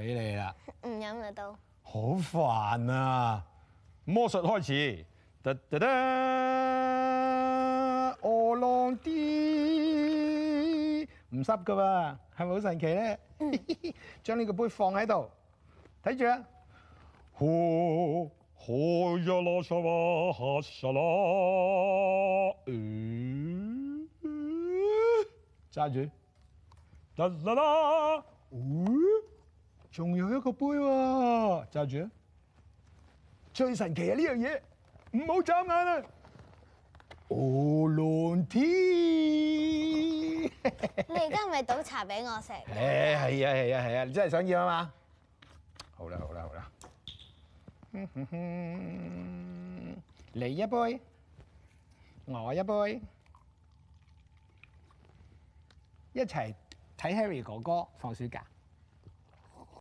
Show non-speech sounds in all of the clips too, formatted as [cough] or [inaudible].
俾你啦，唔飲咪到。好煩啊！魔術開始，得得得，俄羅斯唔濕噶噃，係咪好神奇咧？將呢個杯放喺度，睇住啊！呼呼呀啦沙哇哈沙啦，嗯嗯，揸住，噠啦啦，嗯。仲有一個杯喎，揸住啊！最神奇啊呢樣嘢，唔好眨眼啊！哦，藍天！你而家係咪倒茶俾我食？誒，係啊，係啊，係啊，你真係想要啊嘛？好啦，好啦，好啦！你一杯，我一杯，一齊睇 Harry 哥哥放暑假。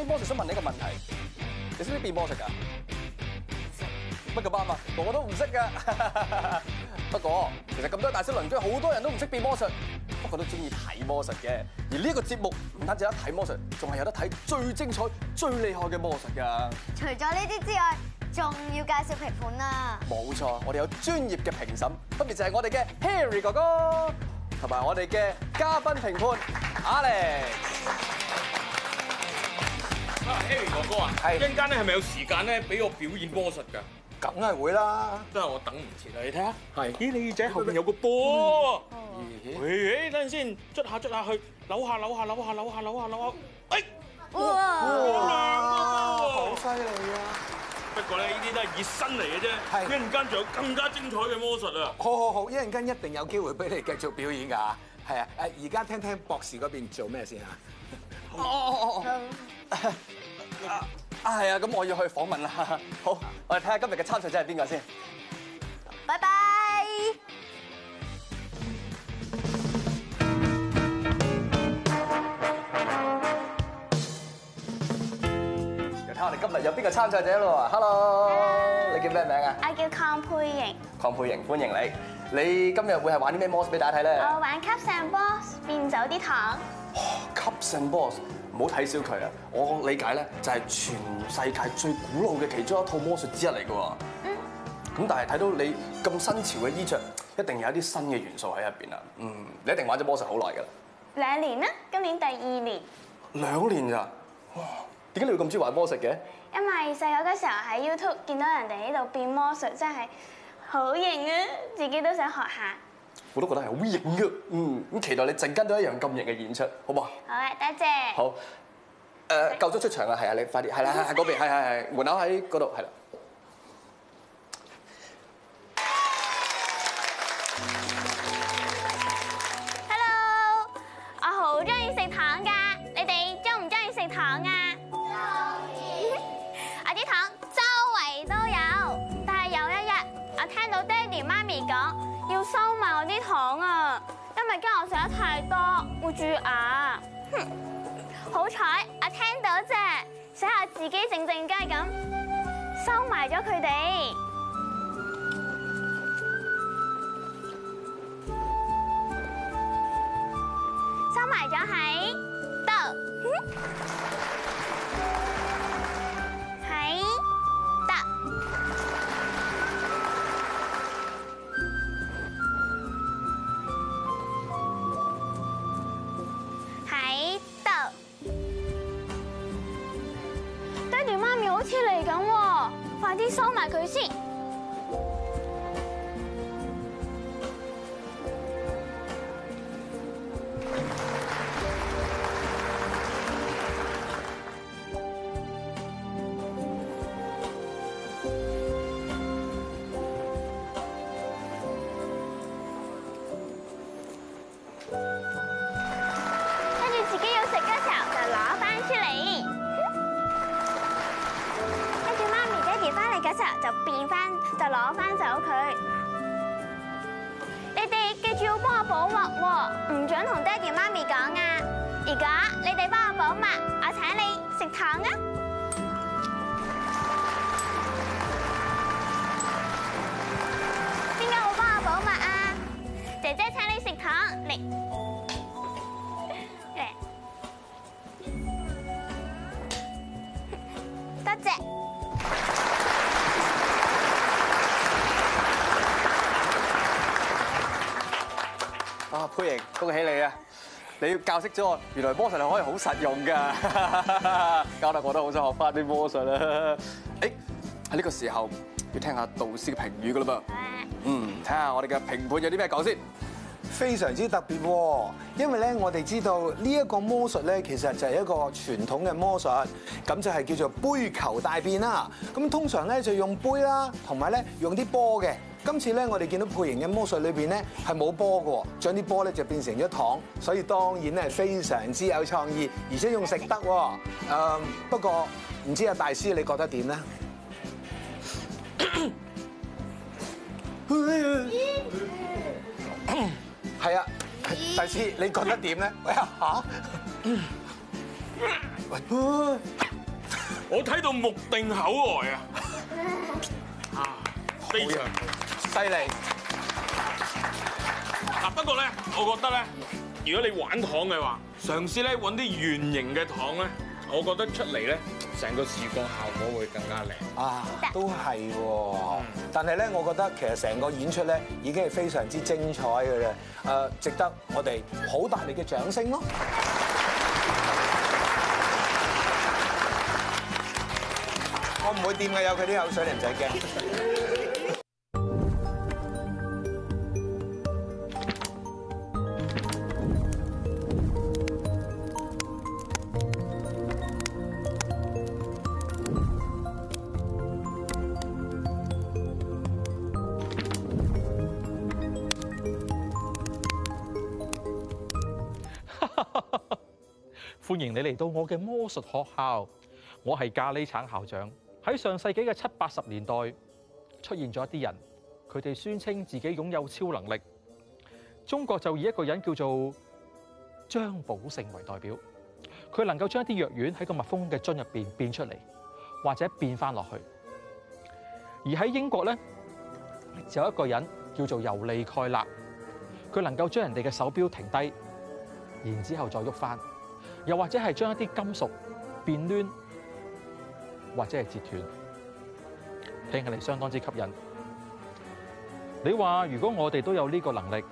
變魔術，想問你一個問題，你識唔識變魔術㗎？識，乜個班啊，個個都唔識㗎。不，不， [laughs] 不過其實咁多大小鄰居，好多人都唔識變魔術，不過都中意睇魔術嘅。而呢一個節目唔單止得睇魔術，仲係有得睇最精彩、最厲害嘅魔術㗎。除咗呢啲之外，仲要介紹評判啊！冇錯，我哋有專業嘅評審，分別就係我哋嘅 Harry 哥哥，同埋我哋嘅嘉賓評判 Alex。阿玲 Harry 哥哥啊，一陣間咧係咪有時間咧俾我表演魔術㗎？梗係會啦，都係我等唔切啊！你睇下，係咦？你耳仔後邊有個波，喂、嗯嗯，等陣先，捽下捽下去，扭下扭下扭下扭下扭下扭下，下，哎，哇，哇哇好犀利啊！不過咧，呢啲都係熱身嚟嘅啫。係，一陣間仲有更加精彩嘅魔術啊！好好好，好，一陣間一定有機會俾你繼續表演㗎，係啊！誒，而家聽聽博士嗰邊做咩先啊？哦。 [laughs] 啊，啊係啊，咁我要去訪問啦。好，我哋睇下今日嘅參賽者係邊個先。拜拜。嚟睇下我哋今日有邊個參賽者咯。Hello，你叫咩名啊？我叫鄺佩瑩。鄺佩瑩，歡迎你。你今日會係玩啲咩魔術俾大家睇咧？我玩 Cups and Balls 變走啲糖，糖。哦，Cups and Balls。唔好睇小佢啊！我理解咧就係全世界最古老嘅其中一套魔術之一嚟噶。嗯。咁但係睇到你咁新潮嘅衣着，一定有一啲新嘅元素喺入邊啦。嗯，你一定玩咗魔術好耐噶啦。兩年啊，今年第二年。兩年咋？點解你會咁中意玩魔術嘅？因為細個嗰時候喺 YouTube 見到人哋喺度變魔術，真係好型啊！自己都想學下。我都覺得係好型嘅，嗯，咁期待你陣間都一樣咁型嘅演出，好唔好啊？好，多謝。好，誒，夠咗出場啦，係啊，你快啲，係啦，係嗰邊，係係係，門口喺嗰度，係啦。住牙，哼！好彩我聽到啫，所以我自己靜靜雞咁收埋咗佢哋，收埋咗喺。好似嚟咁，快啲收埋佢先。攞返走佢，你哋記住要幫我保密喎，唔準同爹地媽咪講啊！如果你哋幫我保密，我請你食糖。歡迎，恭喜你啊！你要教識咗我，原來魔術係可以好實用噶，教到我都好想學返啲魔術啦。誒，喺呢個時候要聽下導師嘅評語噶啦噃。嗯，睇下我哋嘅評判有啲咩講先。非常之特別，因為咧我哋知道呢一個魔術咧，其實就係一個傳統嘅魔術，咁就係叫做杯球大變啦。咁通常咧就用杯啦，同埋咧用啲波嘅。今次咧我哋見到配型嘅魔術裏邊咧係冇波嘅，將啲波咧就變成咗糖，所以當然咧非常之有創意，而且用食得。誒不過唔知阿大師你覺得點咧？ [laughs] 你覺得點咧？喂，我睇到目定口呆啊！非常犀利。嗱，不過咧，我覺得咧，如果你玩糖嘅話，嘗試咧揾啲圓形嘅糖咧，我覺得出嚟咧，成個視覺效果會更加靚啊！都係喎，嗯、但係咧，我覺得其實成個演出咧已經係非常之精彩嘅嘞。誒，值得我哋好大力嘅掌聲咯！我唔會掂嘅，有佢啲口水你唔使驚。歡迎你嚟到我嘅魔術學校，我係咖喱橙校長。喺上世紀嘅七八十年代出現咗一啲人，佢哋宣稱自己擁有超能力。中國就以一個人叫做張寶勝為代表，佢能夠將一啲藥丸喺個密封嘅樽入邊變出嚟，或者變翻落去。而喺英國咧，就有一個人叫做尤利蓋勒，佢能夠將人哋嘅手錶停低，然之後再喐翻。又或者係將一啲金屬變彎，或者係折斷，聽起嚟相當之吸引。你話如果我哋都有呢個能力，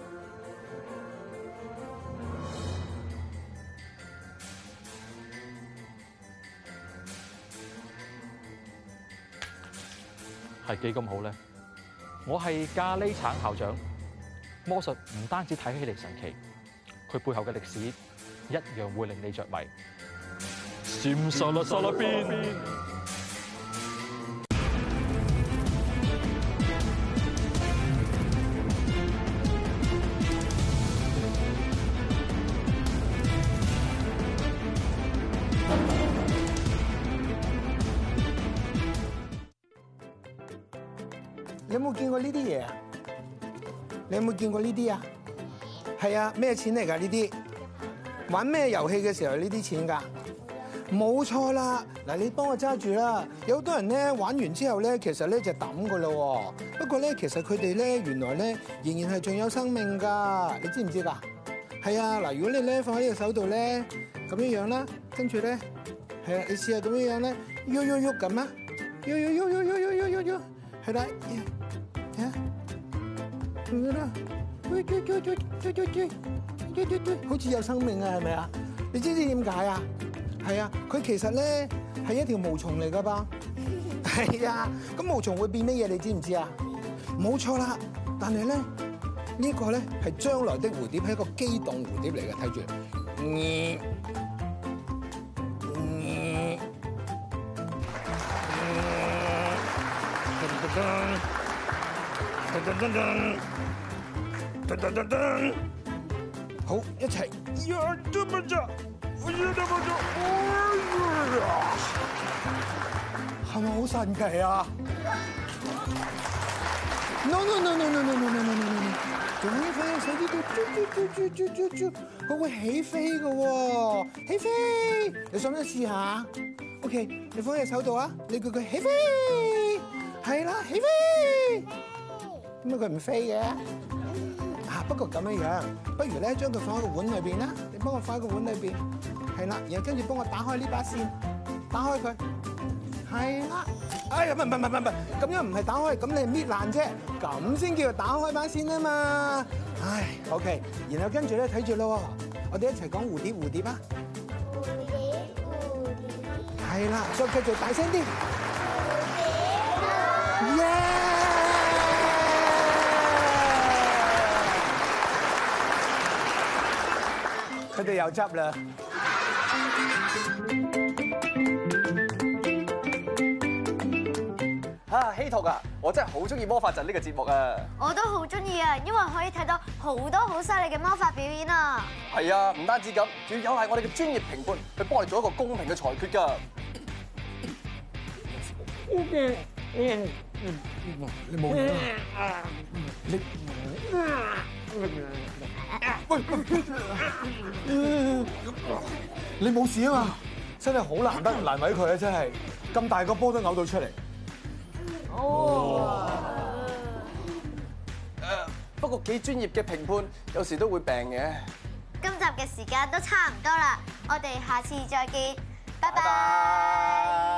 係幾咁好咧？我係咖哩橙校長，魔術唔單止睇起嚟神奇，佢背後嘅歷史。一樣會令你着迷。閃沙啦沙啦邊？你有冇見過呢啲嘢啊？你有冇見過呢啲啊？係啊，咩錢嚟㗎呢啲？玩咩遊戲嘅時候呢啲錢㗎？冇錯啦！嗱，你幫我揸住啦！有好多人咧玩完之後咧，其實咧就抌㗎啦喎。不過咧，其實佢哋咧原來咧仍然係仲有生命㗎。你知唔知㗎？係啊！嗱，如果你咧放喺呢隻手度咧，咁樣樣啦，跟住咧係啊，你試下咁樣樣咧，喐喐喐咁啊，喐喐喐喐喐喐喐喐喐喐，係啦，啊，咁樣啦，喐喐喐喐喐喐喐。好似有生命啊，係咪啊？你知唔知點解啊？係啊，佢其實咧係一條毛蟲嚟噶吧？係啊，咁毛蟲會變咩嘢？你知唔知啊？冇錯啦，但係咧呢個咧係將來的蝴蝶，係一個機動蝴蝶嚟嘅，睇住。 [music] 好，一齊，一粒蚊仔，一粒蚊仔，哎呀，係咪好神奇啊？No no no no no no no no no no no，仲要放喺手度，啾啾啾啾啾啾佢會起飛嘅喎，起飛，你想唔想試下？OK，你放喺手度啊，你叫佢起飛，係啦，起飛，點解佢唔飛嘅？不過咁樣不如咧將佢放喺個碗裏邊啦。你幫我放喺個碗裏邊，係啦。然後跟住幫我打開呢把扇，打開佢，係啦。哎呀，唔係唔係唔係唔係唔係，咁樣唔係打開，咁你係搣爛啫。咁先叫打開把扇啊嘛。唉，OK。然後跟住咧睇住咯。我哋一齊講蝴蝶蝴蝶啊。蝴蝶蝴蝶。係啦，再繼續大聲啲。蝴蝶。耶！佢哋又執啦！啊，希托啊，我真係好中意魔法陣呢個節目啊！我都好中意啊，因為可以睇到好多好犀利嘅魔法表演啊！係啊，唔單止咁，仲要有係我哋嘅專業評判去幫我哋做一個公平嘅裁決㗎。你喂，你冇事啊嘛？真係好難得難為佢啊！真係咁大個波都嘔到出嚟。哦，不過幾專業嘅評判有時都會病嘅。今集嘅時間都差唔多啦，我哋下次再見，拜拜。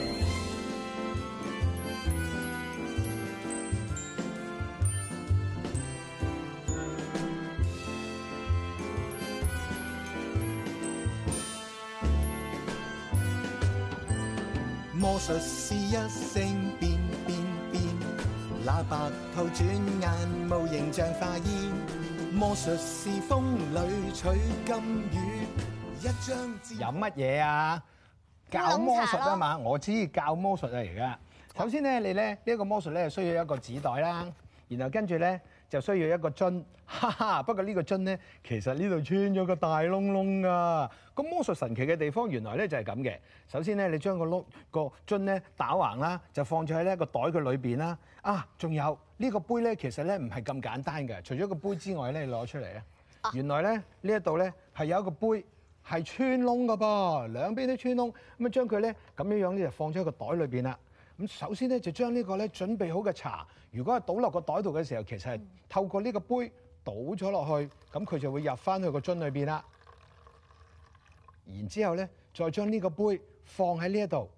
魔術是一聲變變變，喇叭頭轉眼，無形象化煙。魔術是風裏取金魚，一張紙。有乜嘢啊？教魔術啊嘛，我知教魔術嚟㗎。首先咧，你咧呢，呢個魔術咧需要一個紙袋啦，然後跟住咧。就需要一個樽，哈哈！不過這個呢個樽咧，其實呢度穿咗個大窿窿㗎！咁魔術神奇嘅地方原來咧就係咁嘅。首先咧，你將、個窿、個樽咧打橫啦，就放咗喺咧個袋嘅裏邊啦。啊，仲有呢、呢個杯咧，其實咧唔係咁簡單嘅。除咗個杯之外咧，你攞出嚟咧，啊、原來咧呢一度咧係有一個杯係穿窿嘅噃，兩邊都穿窿，咁啊將佢咧咁樣樣咧就放咗喺個袋裏邊啦。咁首先咧就將呢個咧準備好嘅茶，如果係倒落個袋度嘅時候，其實係透過呢個杯倒咗落去，咁佢就會入翻去個樽裏邊啦。然之後咧，再將呢個杯放喺呢一度，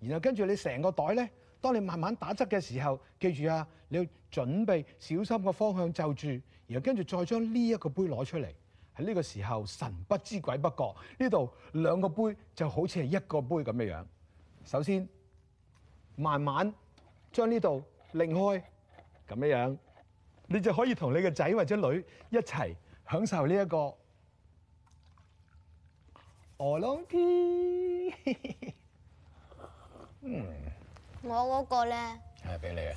然後跟住你成個袋咧，當你慢慢打側嘅時候，記住啊，你要準備小心個方向就住，然後跟住再將呢一個杯攞出嚟。喺呢個時候神不知鬼不覺，呢度兩個杯就好似係一個杯咁嘅樣。首先，慢慢將呢度擰開，咁樣樣你就可以同你嘅仔或者女一齊享受，呢個 [laughs] 嗯、我嗰個呢一個俄羅我嗰個咧，係俾你啊！